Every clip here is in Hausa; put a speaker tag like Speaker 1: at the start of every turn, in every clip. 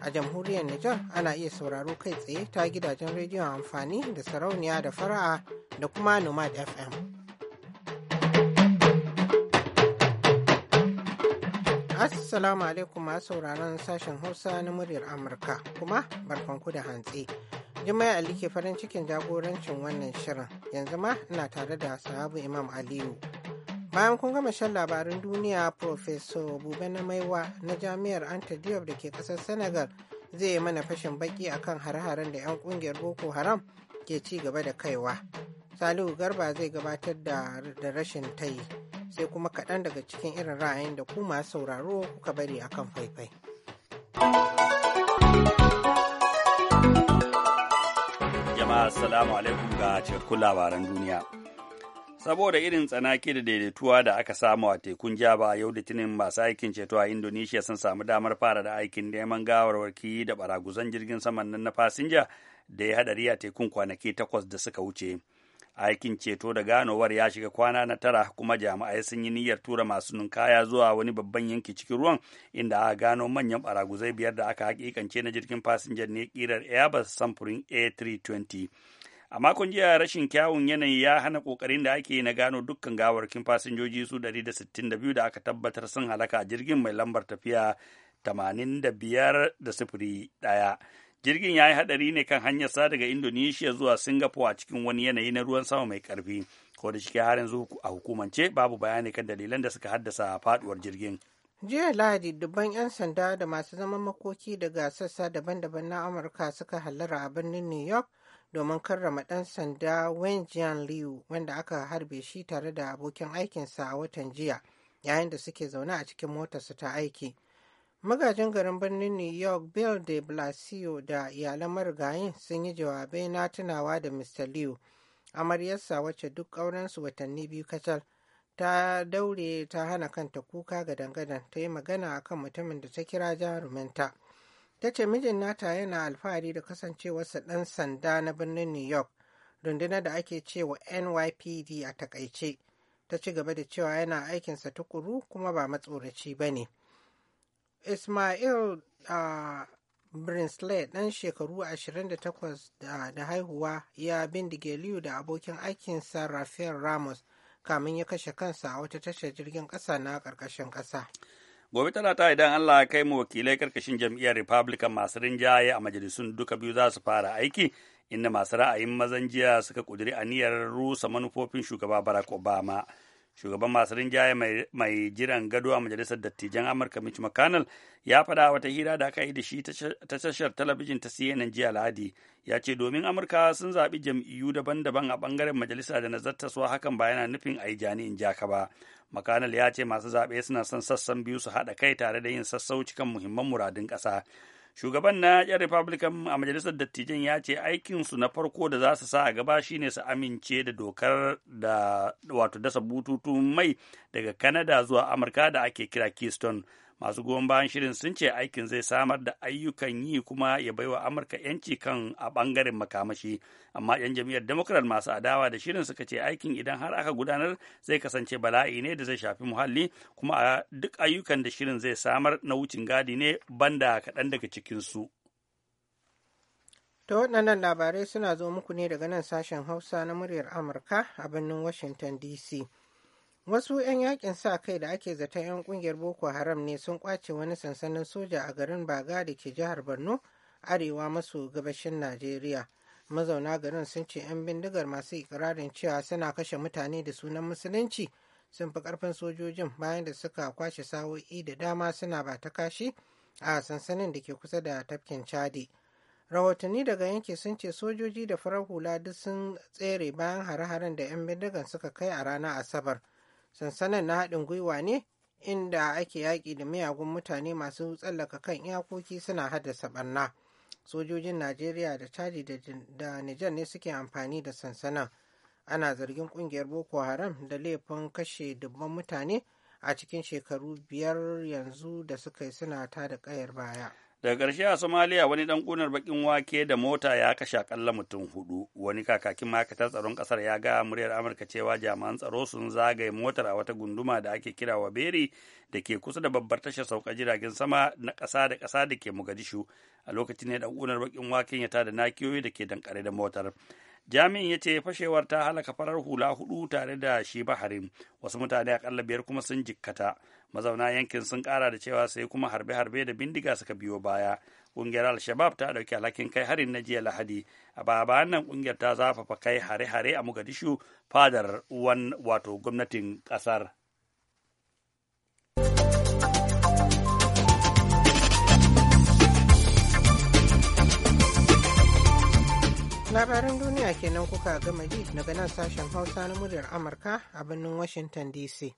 Speaker 1: a jamhuriyar Nijar ana iya sauraro kai tsaye ta gidajen rediyon amfani da sarauniya da fara'a da kuma Nomad FM. Assalamu alaikum masu sauraron sashen Hausa na muryar Amurka kuma barkanku da hantsi. Jummai Ali ke farin cikin jagorancin wannan shirin yanzu ma ina tare da sahabu Imam Aliyu. Bayan kun gama shan labarin duniya, Profeso Bube na Maiwa na Jami'ar Anta da ke ƙasar Senegal zai yi mana fashin baki akan hare-haren da 'yan ƙungiyar Boko Haram ke ci gaba da kaiwa. Salihu Garba zai gabatar da rashin tayi, sai kuma kaɗan daga cikin irin ra'ayin da ku masu sauraro kuka bari a kan faifai.
Speaker 2: Jama'a, Assalamu alaikum ga cikakkun labaran duniya. saboda irin tsanaki da daidaituwa da aka samu a tekun jaba yau litinin masu aikin ceto a indonesia sun samu damar fara da aikin neman gawar warki da baraguzan jirgin saman nan na fasinja da ya hadari a tekun kwanaki takwas da suka wuce aikin ceto da ganowar ya shiga kwana na tara kuma jami'ai sun yi niyyar tura masu ninkaya zuwa wani babban yanki cikin ruwan inda aka gano manyan baraguzai biyar da aka hakikance na jirgin fasinjan ne kirar airbus samfurin a320 a makon jiya rashin kyawun yanayi ya hana kokarin da ake na gano dukkan gawarkin fasinjoji su 162 da aka tabbatar sun halaka a jirgin mai lambar tafiya 85 da jirgin ya yi hadari ne kan hanyarsa daga indonesia zuwa singapore a cikin wani yanayi na ruwan sama mai karfi ko da shike har yanzu a hukumance babu bayani kan dalilan da suka haddasa faduwar jirgin
Speaker 1: jiya lahadi dubban 'yan sanda da masu zaman makoki daga sassa daban-daban na amurka suka hallara a birnin new york domin karrama ɗan sanda Wen Jian Liu wanda aka harbe shi tare da abokin aikinsa a watan jiya yayin da suke zaune a cikin motarsa ta aiki. Magajin garin birnin New York Bill de Blasio da iyalan marigayin sun yi jawabai na tunawa da Mr. Liu. Amaryarsa wacce duk aurensu watanni biyu kacal ta daure ta hana kanta kuka ga dangadan ta yi magana akan mutumin da ta kira jaruminta. ta ce mijin nata yana alfahari da kasancewarsa ɗan sanda na birnin new york rundunar da ake cewa nypd a takaice ta ci gaba da cewa yana aikinsa tukuru kuma ba matsoraci ba ne ismail uh, brinsley ɗan shekaru 28 da haihuwa ya bindige liyu da abokin aikinsa rafael ramos kamin ya kashe kansa a wata tashar jirgin ƙasa na ƙarƙashin ƙasa
Speaker 2: gobe talata idan Allah ya kai mu wakilai karkashin jam'iyyar Republican masu rinjaye a majalisun duka biyu za su fara aiki inda masu ra'ayin mazan jiya suka kuduri aniyar rusa manufofin shugaba Barack Obama. shugaban masu rinjaye mai jiran gado a majalisar dattijan amurka mitch mcconnell ya faɗa wata hira da aka yi da shi ta tashar talabijin ta cnn jiya lahadi ya ce domin amurka sun zaɓi jam'iyyu daban-daban a ɓangaren majalisa da su hakan ba yana nufin a yi jani jani'in jaka ba mcconnell ya ce masu zaɓe suna son sassan biyu su haɗa kai tare da yin sassauci kan muhimman muradun ƙasa shugaban na yan republican a majalisar dattijan ya ce aikinsu na farko da za su sa a gaba shine su amince da dokar da wato dasa bututun mai daga canada zuwa amurka da ake kira keystone masu goyon bayan shirin sun ce aikin zai samar da ayyukan yi kuma ya baiwa amurka yanci kan a bangaren makamashi amma yan jam'iyyar democrat masu adawa da shirin suka ce aikin idan har aka gudanar zai kasance bala'i ne da zai shafi muhalli kuma a duk ayyukan da shirin zai samar na wucin gadi ne banda kaɗan daga cikinsu.
Speaker 1: ta waɗannan labarai suna zo muku ne daga nan sashen hausa na muryar amurka a birnin washington dc Wasu 'yan yakin sa kai da ake zata 'yan kungiyar Boko Haram ne sun kwace wani sansanin soja a garin Baga da ke jihar Borno, arewa maso gabashin Najeriya. Mazauna garin sun ce 'yan bindigar masu ikirarin cewa suna kashe mutane da sunan musulunci sun fi karfin sojojin bayan da suka kwashe sa'o'i da dama suna ba ta kashi a sansanin da ke kusa da tafkin Chadi. Rahotanni daga yanki sun ce sojoji da farar hula duk sun tsere bayan hare-haren da 'yan bindigar suka kai a ranar Asabar. sansanin na haɗin gwiwa ne inda ake yaƙi da miyagun mutane masu tsallaka kan iyakoki suna haddasa ɓarna sojojin najeriya da chadi da nijar ne suke amfani da sansanan ana zargin ƙungiyar boko haram da laifin kashe dubban mutane a cikin shekaru biyar yanzu da suka yi suna tada ƙayar baya
Speaker 2: daga ƙarshe a somaliya wani ɗan ƙunar baƙin wake da mota ya kashe akalla mutum hudu wani kakakin ma'aikatar tsaron ƙasar ya ga muryar amurka cewa jami'an tsaro sun zagaye motar a wata gunduma da ake kira wa beri da ke kusa da babbar tashar sauka jiragen sama na ƙasa da ƙasa da ke mogadishu a lokacin ne ɗan ƙunar baƙin waken ya tada nakiyoyi da ke dankare da motar jami'in ya ce fashewar ta halaka farar hula hudu tare da shi baharin wasu mutane akalla biyar kuma sun jikkata mazauna yankin sun kara da cewa sai kuma harbe-harbe da bindiga suka biyo baya ƙungiyar al-shabab ta dauki alhakin kai harin na jiya lahadi a baya nan ƙungiyar ta zafafa kai hare-hare a mogadishu fadar wato gwamnatin kasar
Speaker 1: labaran duniya kenan kuka gama ji daga nan sashen hausa na muryar amurka a birnin washington dc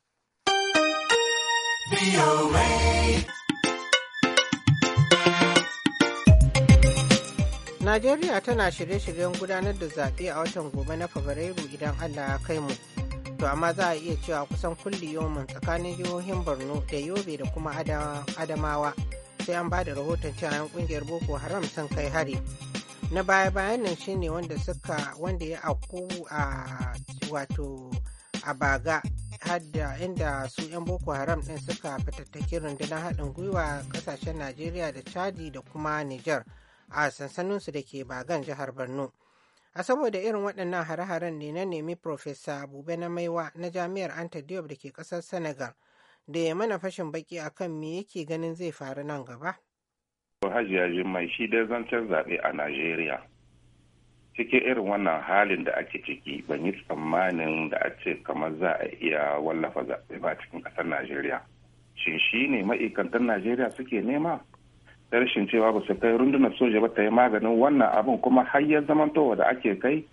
Speaker 1: Najeriya tana shirye-shiryen gudanar da zaɓe a watan gobe na Fabrairu idan Allah ya kai mu. To amma za a iya cewa kusan kulli yomin tsakanin jihohin Borno da Yobe da kuma Adamawa. Sai an ba da rahoton cewa 'yan kungiyar Boko Haram sun kai hari. na baya-bayan nan shine wanda suka wanda ya aku a wato a baga hadda inda su 'yan boko haram din suka fitattaki rundunar haɗin gwiwa kasashen najeriya da chadi da kuma niger a sansaninsu da ke bagan jihar borno a saboda irin waɗannan hare-haren ne na nemi profesa bube na maiwa na jami'ar anta da ke ƙasar senegal da ya mana fashin baki akan me yake ganin zai faru nan gaba
Speaker 3: ko hajiya mai shi dai zancen zaɓe a najeriya cikin irin wannan halin da ake ciki ban yi tsammanin da a ce kamar za a iya wallafa zaɓe ba cikin ƙasar najeriya shin shi ne ma'aikantar najeriya suke nema da rashin cewa ba su kai rundunar soja ba ta yi maganin wannan abin kuma har ya zamantowa da ake kai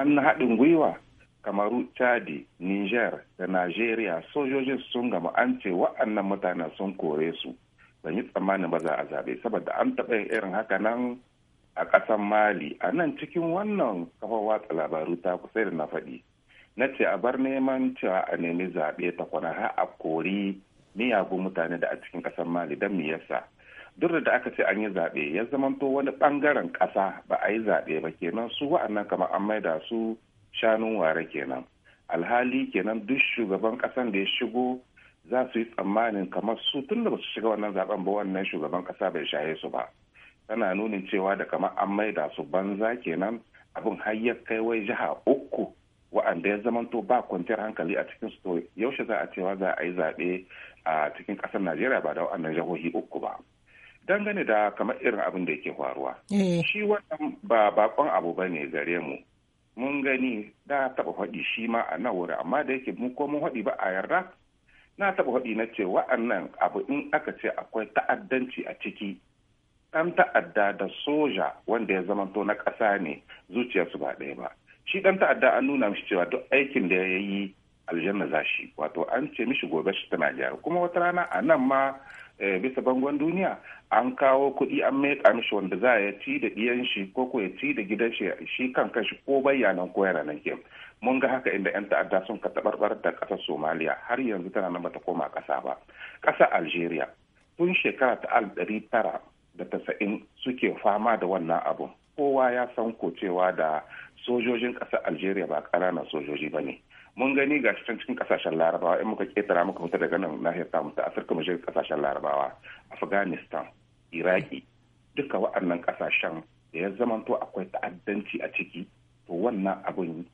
Speaker 3: an na haɗin gwiwa kamaru chadi niger da najeriya sojojin sun gama an ce wa'annan mutanen sun kore su ban yi tsammanin ba za a zaɓe saboda an taɓa yin irin haka nan a ƙasar mali a nan cikin wannan kafa watsa labaru ta kusa da na faɗi na ce a bar neman cewa a nemi zaɓe ta kwana har a kori miyagun mutane da a cikin ƙasar mali don me yasa duk da aka ce an yi zaɓe ya zamanto wani ɓangaren ƙasa ba a yi zaɓe ba kenan su wa'annan kamar an maida su shanun ware kenan alhali kenan duk shugaban ƙasan da ya shigo za su yi tsammanin kamar su tun da ba su shiga wannan zaben ba wannan shugaban kasa bai shaye su ba tana nunin cewa da kamar an maida su banza kenan abin har ya kai wai jiha uku wa'anda ya zamanto ba kwanciyar hankali a cikin su yaushe za a cewa za a yi zaɓe a cikin ƙasar najeriya ba da wa'annan jihohi uku ba dangane da kamar irin abin da yake faruwa eh. shi wannan ba bakon abu ba ne gare mu mun gani da taɓa faɗi shi ma a nan wuri amma da yake mun ko mun faɗi ba a yarda na taba faɗi na ce wa'annan abu in aka ce akwai ta'addanci a ciki ɗan ta'adda da soja wanda ya zama zamanto na ƙasa ne zuciyarsu ba ɗaya ba shi ɗan ta'adda an nuna mishi cewa duk aikin da ya yi aljanna za shi wato an ce mishi gobe shi tana gyara kuma wata rana a nan ma Eh, bisa bangon duniya an kawo kuɗi an meka mishi wanda za ya ci da ɗiyan shi ko ko ya ci da gidan shi shi kan kashi ko bayyanan ko yana nan mun ga haka inda 'yan ta'adda sun ka tabarbar da ƙasar somaliya har yanzu tana nan bata koma ƙasa ba ƙasar algeria tun shekara ta al ɗari tara da tasa'in suke fama da wannan abun kowa ya san ko cewa da sojojin ƙasar algeria ba ƙananan sojoji ba ne mun gani ga can cikin kasashen larabawa in muka ketara muka mutu daga nan nahiyar ta ta afirka mu kasashen larabawa afghanistan iraki duka wa'annan kasashen da ya zamanto akwai ta'addanci a ciki to wannan abin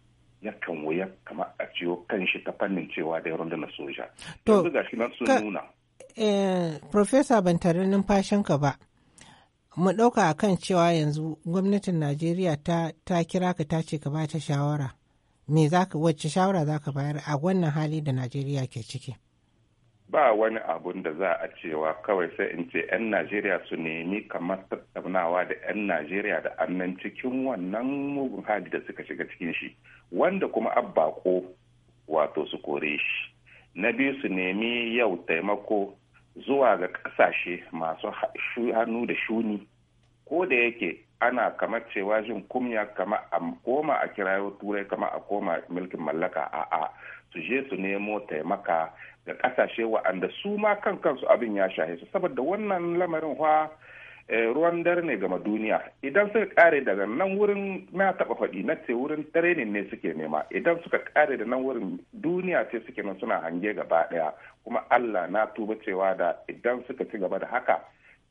Speaker 3: kan wuya kamar a ciwo kan shi ta fannin cewa da rundunar soja. To, ga shi nan sun nuna.
Speaker 1: Eh, Profesa ban tare numfashinka ba, mu ɗauka a kan cewa yanzu gwamnatin Najeriya ta, kira ka ta ce ka ba ta shawara. me zaka wacce shawara zaka bayar a wannan hali da Najeriya ke ciki
Speaker 3: ba wani abun da za a cewa kawai sai in ce 'yan najeriya su nemi kamar tattaunawa da 'yan najeriya da annan cikin wannan mugun hali da suka shiga cikin shi wanda kuma abbako wato su kore shi na biyu su nemi yau taimako zuwa ga ƙasashe masu hannu da shuni ko da yake ana kama cewa jin kumya kama a koma a kirayo turai kama a koma milkin mallaka a'a su je su nemo taimaka da kasashe wa'anda su ma kan kansu abin ya shahe su saboda wannan lamarin fa eh, ruwan dare ne gama duniya idan suka kare daga nan wurin na taba faɗi na ce wurin training ne suke nema idan suka kare da nan wurin duniya ce suke nan suna hange gaba ɗaya kuma allah na tuba cewa da idan suka ci gaba da haka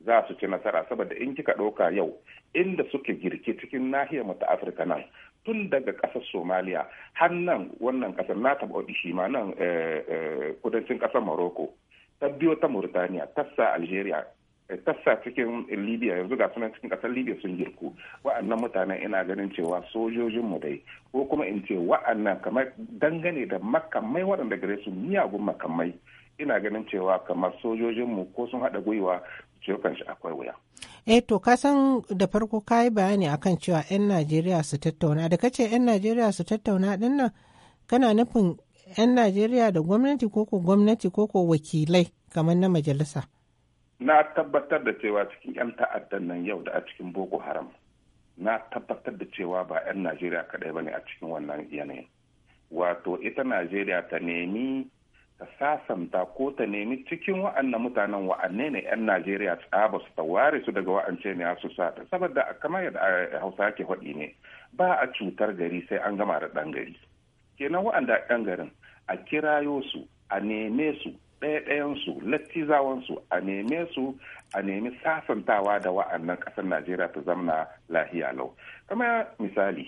Speaker 3: za su ci nasara saboda in kika ɗauka yau inda suke girke cikin nahiyar mu ta afirka nan tun daga ƙasar somaliya har nan wannan ƙasar na taɓa shi ma nan eh, eh, kudancin ƙasar morocco ta biyo ta murtaniya tassa algeria eh, tassa cikin libya yanzu ga sunan cikin kasar libya sun girku wa'annan mutanen ina ganin cewa sojojinmu dai ko kuma in ce wa'annan kamar dangane da makamai waɗanda gare su miyagun makamai ina ganin cewa kamar sojojinmu ko sun haɗa gwiwa cikin shi akwai wuya.
Speaker 1: Eh to ka san da farko ka yi bayani akan cewa 'yan Najeriya su tattauna da kace 'yan Najeriya su tattauna din nan kana nufin 'yan Najeriya da gwamnati koko gwamnati koko wakilai kamar na majalisa.
Speaker 3: Na tabbatar da cewa cikin 'yan ta'addan nan yau da a cikin Boko Haram. Na tabbatar da cewa ba 'yan Najeriya kaɗai ba ne a cikin wannan yanayin. Wato ita Najeriya ta nemi ta sasanta ko ta nemi cikin wa'annan mutanen wa'anne ne 'yan najeriya tsaba su ta ware su daga wa'ance ne su sa saboda kamar yadda eh, hausa ke faɗi ne ba a cutar gari sai an gama da ɗan gari kenan wa'anda ɗan garin a kirayo su a neme su ɗaya-ɗayansu lattizawansu a neme su a nemi sasantawa da wa'annan ƙasar najeriya ta zamna lahiya lau kamar misali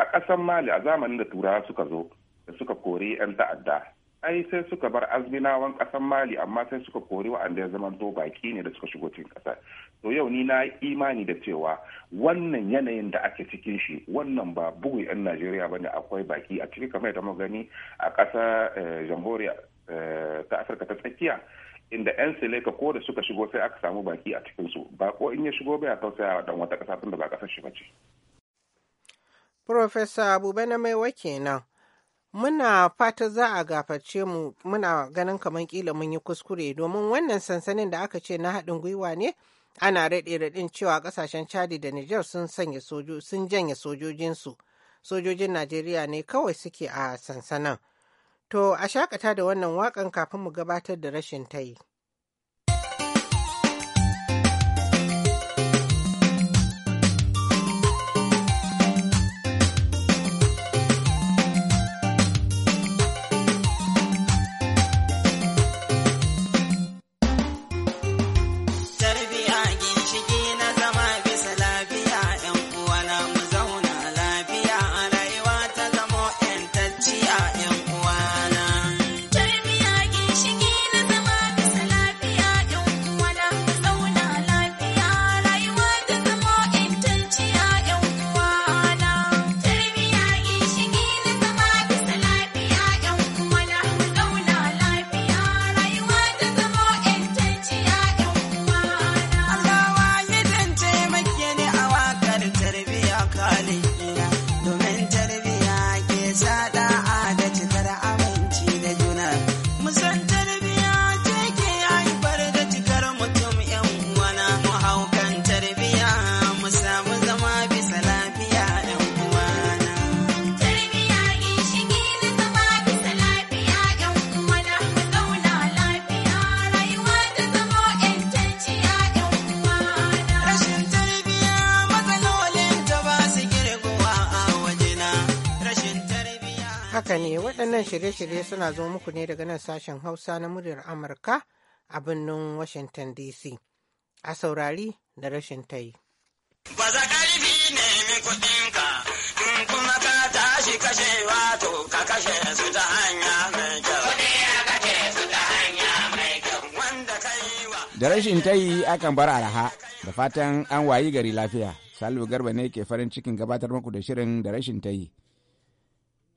Speaker 3: a ƙasar mali a zamanin da turawa suka zo da suka kori 'yan ta'adda ai sai suka bar azminawan kasan mali amma sai suka kori wa'anda ya zama to baki ne da suka shigo cikin kasa to yau ni na imani da cewa wannan yanayin da ake cikin shi wannan ba bugu yan najeriya ba ne akwai baki a ciki kamar da muka gani a ƙasa eh, jamhuriya eh, ta afirka ta tsakiya inda 'yan sileka ko da suka shigo sai aka samu baki a cikinsu ba ko in ya shigo baya ya tausaya wa dan wata ƙasa tun da ba ƙasar shi ba ce.
Speaker 1: Profesa Abubai na mai muna fata za a gafarce mu muna ganin kamar kila mun yi kuskure domin wannan sansanin da aka ce na haɗin gwiwa ne ana raɗe raɗin cewa ƙasashen chadi da niger sun sanya sojo sun janye sojojinsu sojojin najeriya ne kawai suke a sansanin to a shakata da wannan waƙan kafin mu gabatar da rashin ta yi. Haka ne waɗannan shirye-shirye suna zo muku ne daga nan sashen Hausa na muryar Amurka a birnin Washington DC. A saurari da rashin tayi.
Speaker 4: ta hanya
Speaker 5: Da rashin tayi akan bar araha, da fatan an wayi gari lafiya. Salu Garba ne ke farin cikin gabatar muku da shirin da rashin tayi.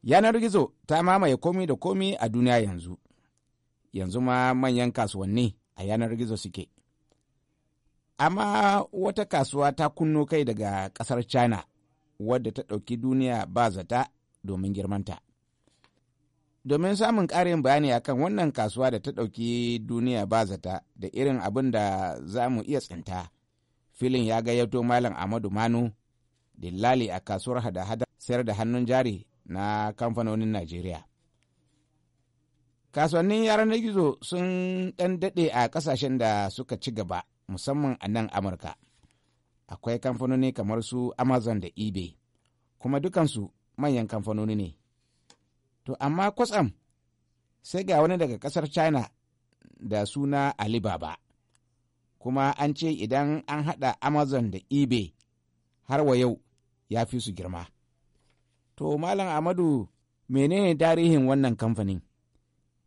Speaker 5: yanar gizo ta mamaye komi da komi a duniya yanzu yanzu ma manyan kasuwanni a yanar gizo suke amma wata kasuwa ta kunno kai daga kasar china wadda ta ɗauki duniya ba zata domin girmanta domin samun ƙarin bayani akan wannan kasuwa da ta ɗauki duniya ba zata da irin abin da za mu iya tsinta filin ya gayyato malam amadu manu dillali a kasuwar hada-hada sayar da hannun jari na kamfanonin najeriya kasuwannin yaran gizo sun ɗan daɗe a ƙasashen da suka ci gaba musamman a nan amurka akwai kamfanoni kamar su amazon da ebay kuma dukansu manyan kamfanoni ne to amma kwatsam sai ga wani daga ƙasar china da suna alibaba kuma an ce idan an haɗa amazon da ebay har wa yau ya fi su girma To Malam Amadu menene tarihin wannan kamfanin?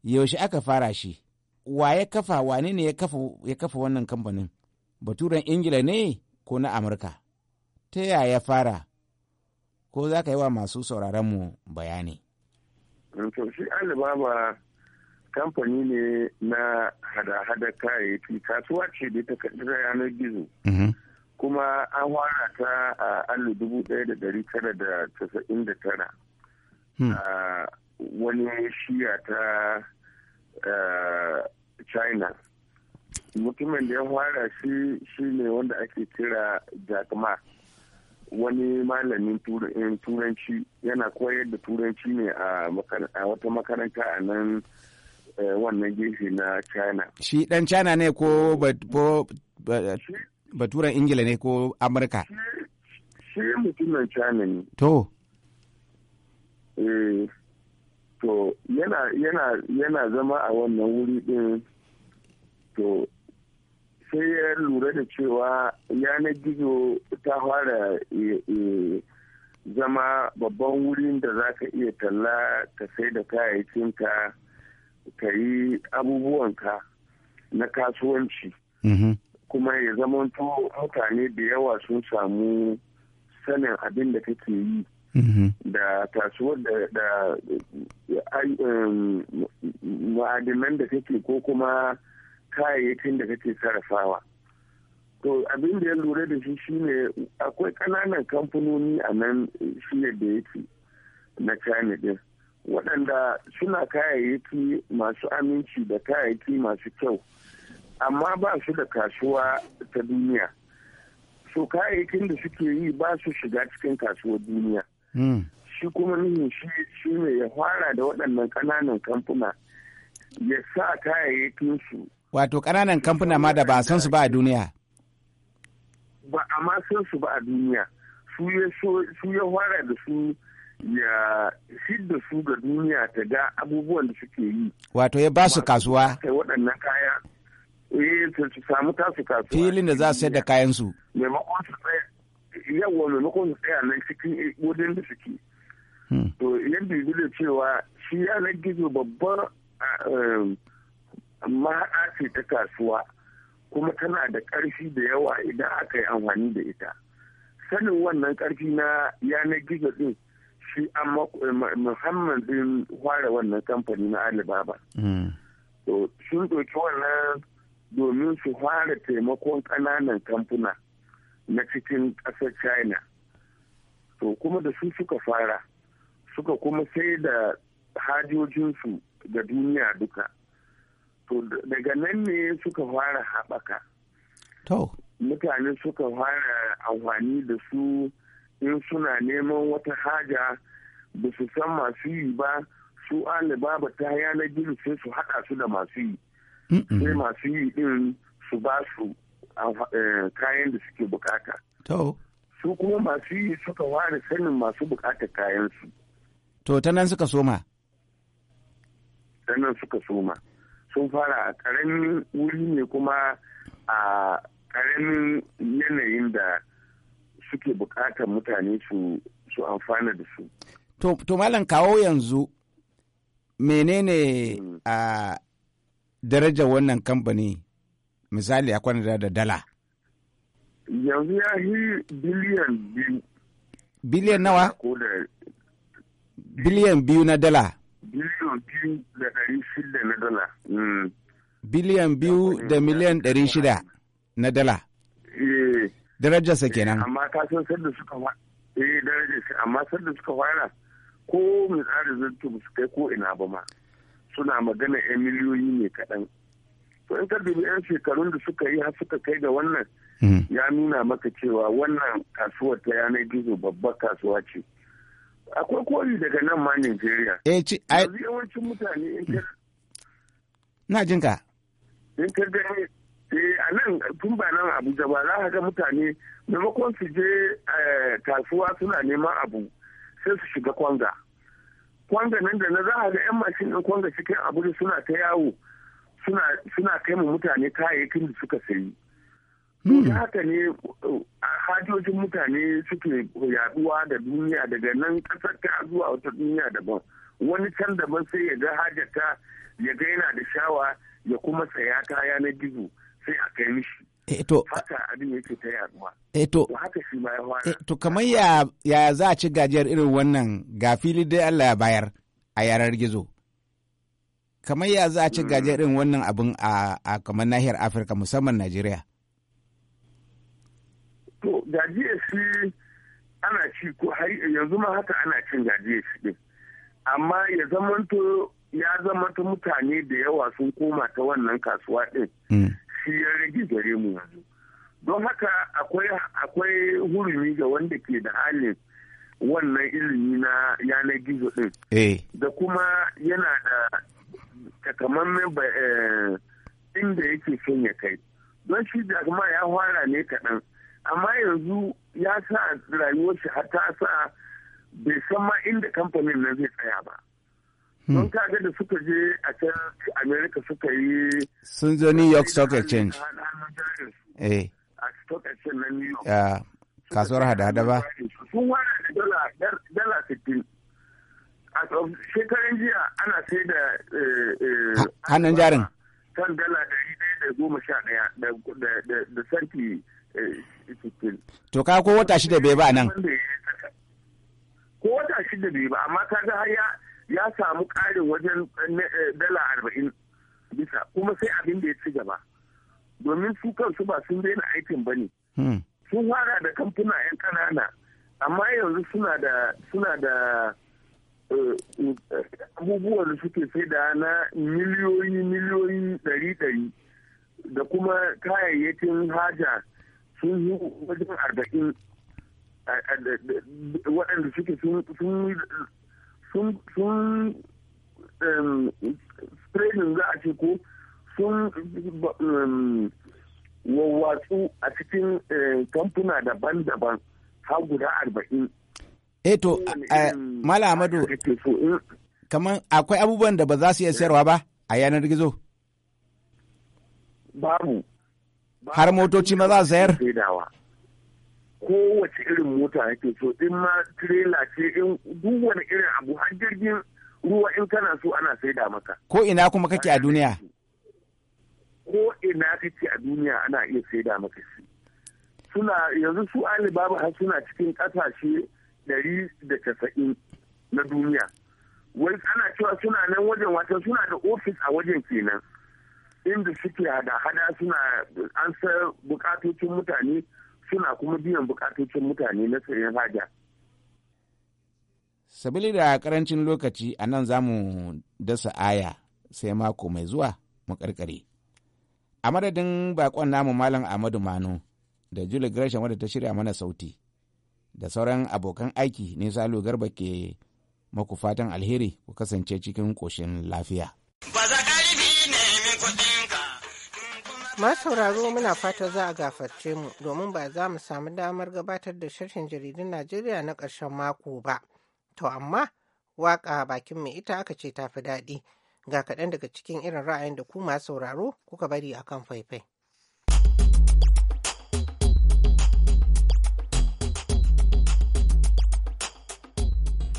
Speaker 5: Yaushe aka fara shi? Wa ya kafa wane ne ya kafa wannan kamfanin? Baturen Ingila ne ko na Amurka? Ta yaya ya fara? Ko za ka yi wa masu sauraronmu bayani?
Speaker 4: To shi Alibaba kamfani ne na hada-hada kayayyaki kasuwa ce da ta yanar gizo. Mm-hmm. kuma an fara ta a allu dubu ɗaya da dari tara da casa'in da tara hmm. wani shiya ta china mutumin da ya fara shi shi ne wanda ake kira jack ma wani malamin eh, turanci yana koyar da turanci ne a wata makaranta a nan eh, wannan gefe na china
Speaker 5: shi dan china ne ko baturen ingila ne ko amurka
Speaker 4: shi mutumin china ne to eh, to yana zama a wannan wuri din to sai ya lura da cewa yanar gizo ta fara eh, eh, zama babban wurin da za ka iya talla ka sai da kayayyakinka ka yi abubuwanka na kasuwanci mm-hmm. kuma ya zamanto mutane da yawa sun samu sanin abin da kake yi mm-hmm. da tasuwar da um, ma'adinan da kake ko kuma kayayyakin da kake sarrafawa to abin da ya lura da shi shine akwai ƙananan kamfanoni a nan shine da yake na china din waɗanda suna kayayyaki masu aminci da kayayyaki masu kyau amma ba su da kasuwa ta duniya so kayayyakin da suke yi ba su shiga cikin kasuwar duniya hmm. shi kuma nuhin shi shi ne ya fara da waɗannan ƙananan kamfuna ya sa kayayyakin su
Speaker 5: wato ƙananan kamfuna ma da ba san su ba a duniya
Speaker 4: ba a ma san su ba a duniya su ya fara da su ya fid da su ga duniya
Speaker 5: ta ga abubuwan da suke yi wato ya ba su kasuwa
Speaker 4: waɗannan kaya eh su samu tasu kasuwa
Speaker 5: filin da za su sayar da kayan su
Speaker 4: maimakon su tsaya yawa maimakon su tsaya nan cikin eh, wurin da suke hmm. to yadda yi da cewa shi yanar gizo babban mahaɗa ce ta kasuwa kuma tana da ƙarfi da yawa idan aka yi amfani da ita sanin wannan ƙarfi na yanar gizo ɗin shi an din eh, fara wannan kamfani na alibaba hmm. sun ɗauki wannan domin su fara taimakon ƙananan kamfuna na cikin ƙasar china to kuma da su suka fara suka kuma sai da hajojinsu ga duniya duka to daga nan ne suka fara haɓaka mutane suka fara amfani da su in suna neman wata haja ba su san masu yi ba su alibaba ta yanar gizo sai su haɗa su da masu yi sai masu yi din su ba su eh, kayan da suke bukata su kuma masu yi suka ware sanin masu kayan kayansu
Speaker 5: to ta nan suka soma
Speaker 4: ta nan suka soma sun fara a ƙaramin wuri ne kuma a ƙaramin yanayin da suke bukatar mutane su amfana da su.
Speaker 5: To, malam kawo yanzu menene mm. a darajar wannan kamfani misali a kwanada da dala yanzu ya yi biliyan biyu biliyan nawa biliyan biyu na dala
Speaker 4: biliyan biyu da ɗari shida na dala
Speaker 5: mm. biliyan biyu da miliyan ɗari shida na dala
Speaker 4: eh.
Speaker 5: Darajar sa eh, kenan amma
Speaker 4: ka san sanda suka eh darajar sa, amma sanda suka fara ko misali zan su kai ko ina ba ma suna magana 'yan miliyoyi ne kaɗan to in ka dubi 'yan shekarun da suka yi har suka kai da wannan hmm. ya nuna maka cewa wannan kasuwar ta yanar gizo babbar kasuwa ce akwai kori daga nan ma nigeria eh, yanzu
Speaker 5: yawancin mutane in ka na jin ka
Speaker 4: in ka gani eh, a nan tun ba nan abuja ba za ka ga mutane maimakon su je eh, kasuwa suna neman abu sai su shiga kwanga kwanga nan da na za a ga 'yan mashin ɗin kwanga cikin abuja suna ta yawo suna kai mutane kayayyakin da suka sayi. da hmm. haka ne hajojin mutane suke yaduwa da duniya daga nan kasar ta zuwa wata duniya daban wani can daban sai ya ga hajjata ya ga yana da shawa ya kuma saya kaya na gizo sai a kai mishi
Speaker 5: Eh, to haka
Speaker 4: abin yake ta yaduwa eh to haka shi ma ya fara eh, to
Speaker 5: kamar ya ya za a ci gajiyar irin wannan ga fili dai Allah ya bayar a yarar gizo kamar ya za a ci gajiyar irin wannan abin a kamar nahiyar Afirka musamman Najeriya
Speaker 4: to gajiyar shi ana ci ko har yanzu ma haka ana cin gajiyar shi din amma ya zamanto ya zama ta mutane da yawa sun koma ta wannan kasuwa din hmm. shi ya rage gare mu yanzu don haka akwai hurumi ga wanda ke da halin wannan ilimi na yanar gizo din eh. da kuma yana da takamammen eh, inda yake son ya kai don shi da kuma ya fara ne kaɗan amma yanzu ya sa rayuwar shi har ta sa bai san ma inda kamfanin nan zai tsaya ba Hmm. Don kaga da suka je a can America suka yi.
Speaker 5: Sun zo New York Stock Exchange. Eh.
Speaker 4: A Stock Exchange na New York.
Speaker 5: Ya kasuwar hada-hada ba.
Speaker 4: Sun wara da dala sittin. A shekarun jiya ana sai da. Eh, eh, hannun jarin. Kan dala dari ɗaya da goma sha ɗaya da santi eh, sittin.
Speaker 5: To ka ko wata shida bai ba nan.
Speaker 4: Ko wata shida bai ba amma kaga har ya ya samu ƙarin wajen eh, dala arba'in bisa kuma sai abin da ya ci gaba domin su kansu ba sun daina aikin ba ne hmm. sun fara da kamfuna 'yan ƙanana amma yanzu suna da eh, abubuwan da suke sai da na miliyoyi miliyoyi ɗari ɗari da kuma kayayyakin haja sun yi wajen arba'in waɗanda suke sun sun sun, spreading za a ce ko sun wawwatsu a cikin eh, kamfuna daban-daban har guda
Speaker 5: arba'in. Eto, eh, Mala Amadu, kamar akwai abubuwan da ba za su iya sayarwa ba a yanar gizo? Babu. Har motoci ma za su sayar?
Speaker 4: kowace irin mota yake so in ma tirela ce in duwane irin abu har jirgin ruwa in kana so ana saida maka
Speaker 5: ko ina kuma kake a duniya
Speaker 4: ko ina kake a duniya ana iya saida maka shi suna yanzu su alibaba har suna cikin kasashe ɗari da casa'in na duniya wai ana cewa suna nan wajen wata suna da ofis a wajen kenan inda suke hada hada suna an bukatocin mutane suna kuma biyan bukatocin mutane na sayan haja.
Speaker 5: sabili da karancin lokaci a nan za mu dasa aya sai mako mai zuwa mu karkare a madadin bakon namu malam ahmadu manu da juli gresham wadda ta shirya mana sauti da sauran abokan aiki ne salo garba ke maku fatan alheri ku kasance cikin ƙoshin lafiya.
Speaker 1: masauraro sauraro muna fata za a gafarce mu domin ba za mu samu damar gabatar da sharhin jaridun Najeriya na ƙarshen mako ba. To amma waka bakin mai ita aka ce tafi daɗi ga kaɗan daga cikin irin ra'ayin da ku masu sauraro kuka bari a kan faifai.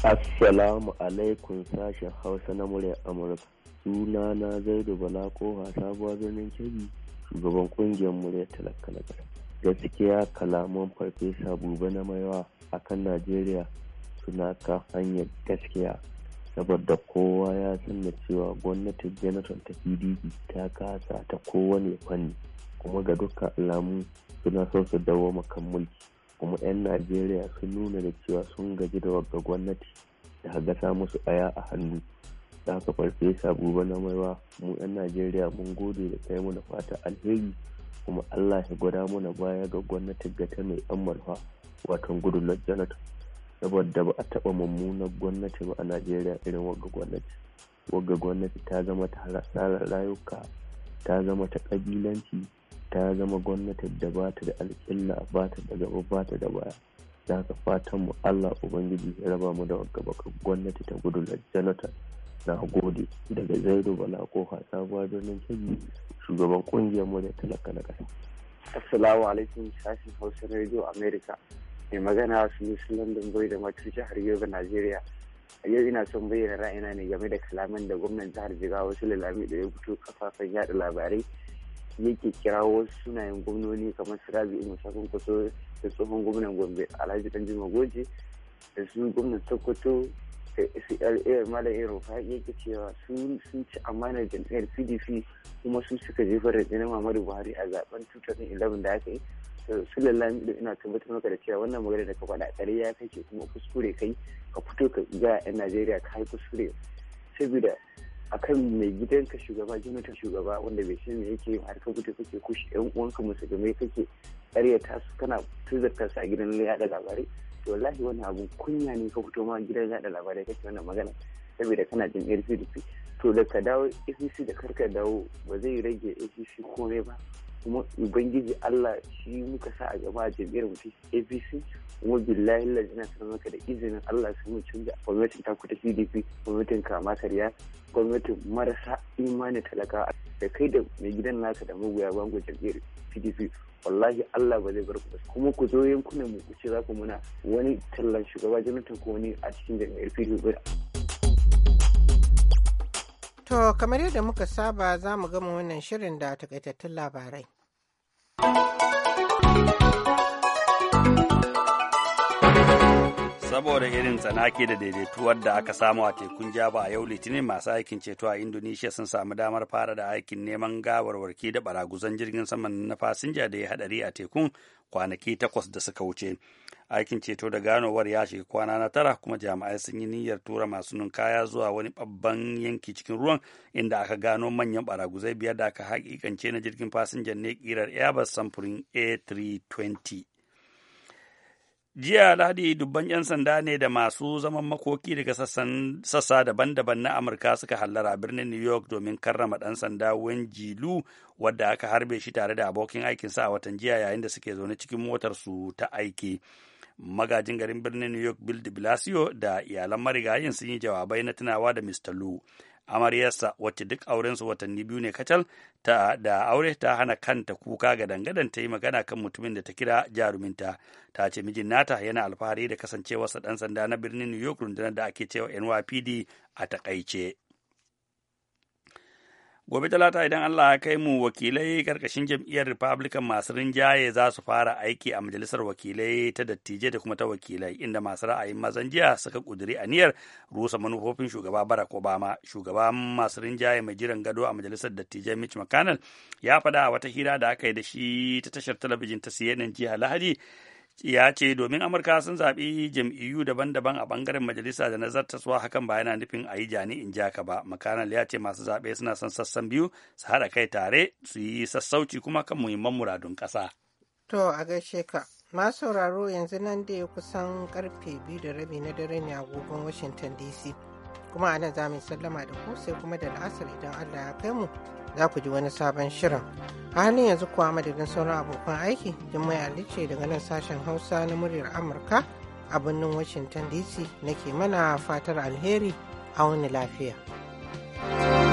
Speaker 6: Assalamu alaikum sashen Hausa na muryar Amurka. suna na zaidu bala koha sabuwa birnin kebi shugaban kungiyar muryar talaka na ƙasa gaskiya kalaman farfesa buba na maiwa a kan najeriya suna ka hanyar gaskiya saboda kowa ya san da cewa gwamnatin janaral ta pdp ta kasa ta kowane fanni kuma ga dukkan alamu suna son su dawo makan mulki kuma 'yan najeriya sun nuna da cewa sun gaji da wagga gwamnati da haga musu aya a hannu da haka farfesa gobe na maiwa mu 'yan najeriya mun gode da kai mana fata alheri kuma allah ya gwada mana baya ga gwamnatin gata mai yan malfa watan gudun janata saboda ba a taba mummunar gwamnati ba a najeriya irin wagga gwamnati wagga gwamnati ta zama ta hasara rayuka ta zama ta kabilanci ta zama gwamnati da ba ta da alƙilla ba ta da gaba ba ta da baya da haka fatan mu allah ubangiji ya raba mu da wagga gwamnati ta gudun janata na gode daga zaido bala ko sabuwa birnin kebbi shugaban kungiyar mu da talaka na kasa
Speaker 7: assalamu alaikum sashen hausa radio america mai magana su yi london boy da matu jihar yobe nigeria a yau ina son bayyana ra'ayina ne game da kalaman da gwamnan jihar jiga wasu lalami da ya fito kafafen yada labarai yake kira wasu sunayen gwamnoni kamar su rabi musafin kwaso da tsohon gwamnan gombe alhaji danjuma goje da su gwamnan sokoto CLA eh, Malam Ero ya yake cewa sun ci amanar jam'iyyar PDP kuma sun suka jefar da na Muhammadu Buhari a zaben 2011 da aka yi. Sulallan da ina tabbatar maka da cewa wannan magana da ka faɗa kare ya kake kuma kuskure kai ka fito ka ga 'yan Najeriya ka yi kuskure. Saboda akan mai gidanka shugaba gwamnatin shugaba wanda bai san yake yin har ka kake kushe yan uwanka musulmai kake karyata su kana tuzarta su a gidan yaɗa labarai to wallahi wani abun kunya ne ka fito ma gidan yada labarai kake wannan magana saboda kana jin pdp to da ka dawo ACC da kar ka dawo ba zai rage ACC komai ba kuma ubangiji Allah shi muka sa a gaba jam'iyyar mu APC kuma billahi lazi na sanar maka da izinin Allah su mu canza gwamnatin taku ta PDP gwamnatin kama karya gwamnatin marasa imanin talakawa. da kai da mai gidan naka da ya bango jam'iyyar PDP wallahi Allah ba zai bar ku kuma ku zo yankunan mu ku ce za ku muna wani tallan shugaba Jonathan ko wani a cikin jami'ar PDP
Speaker 1: To kamar yadda muka saba za mu gama wannan shirin da takaitattun labarai.
Speaker 2: saboda irin tsanaki da daidaituwar da aka samu a tekun jaba a yau litinin masu aikin ceto a indonesia sun samu damar fara da aikin neman gawarwarki da baraguzan jirgin saman na fasinja da ya hadari a tekun kwanaki takwas da suka wuce aikin ceto da ganowar ya shiga kwana na tara kuma jami'ai sun yi niyyar tura masu ninkaya zuwa wani babban yanki cikin ruwan inda aka gano manyan baraguzai biyar da aka hakikance na jirgin fasinjan ne kirar airbus samfurin a320 jiya lahadi dubban 'yan sanda ne da masu zaman makoki daga sassa daban-daban na amurka suka hallara birnin new york domin karrama ɗan sanda wenji jilu wadda aka harbe shi tare da abokin aikinsa a watan jiya yayin da suke zaune cikin motarsu ta aiki magajin garin birnin new york bill de blasio da iyalan marigayin sun yi jawabai na tunawa da mr lu amaryarsa wacce duk aurensu watanni biyu ne kacal ta da aure ta hana kanta kuka ga dangadan ta yi magana kan mutumin da ta kira jaruminta ta ce mijin nata yana alfahari da kasancewarsa dan sanda na birnin new york rundunar da ake cewa nypd a takaice gobe talata idan allah ya kai mu wakilai karkashin jam'iyyar republican masu rinjaye za su fara aiki a majalisar wakilai ta dattijai da kuma ta wakilai inda masu ra'ayin mazan jiya suka kuduri niyyar rusa manufofin shugaba barack obama shugaban masu rinjaye mai jiran gado a majalisar dattijai mitch mcconnell ya faɗa a wata hira da aka yi da shi ta tashar talabijin ta cnn jiya lahadi ya ce domin amurka sun zaɓi jam'iyyu daban-daban a ɓangaren majalisa da nazar hakan ba yana nufin a yi jani in jaka ba mcconnell ya ce masu zaɓe suna son sassan biyu su haɗa kai tare su yi sassauci kuma kan muhimman muradun ƙasa
Speaker 1: to a gaishe ka masu sauraro yanzu nan da ya kusan karfe biyu da rabi na dare ne agogon washington dc kuma a nan za mu sallama da ku sai kuma da la'asar idan allah ya kai mu za ku ji wani sabon shirin. A halin yanzu kuwa madadin sauran abokan aiki, Jummai Ali ce daga nan sashen Hausa na muryar Amurka a birnin Washington DC nake mana fatar alheri a wani lafiya. thank you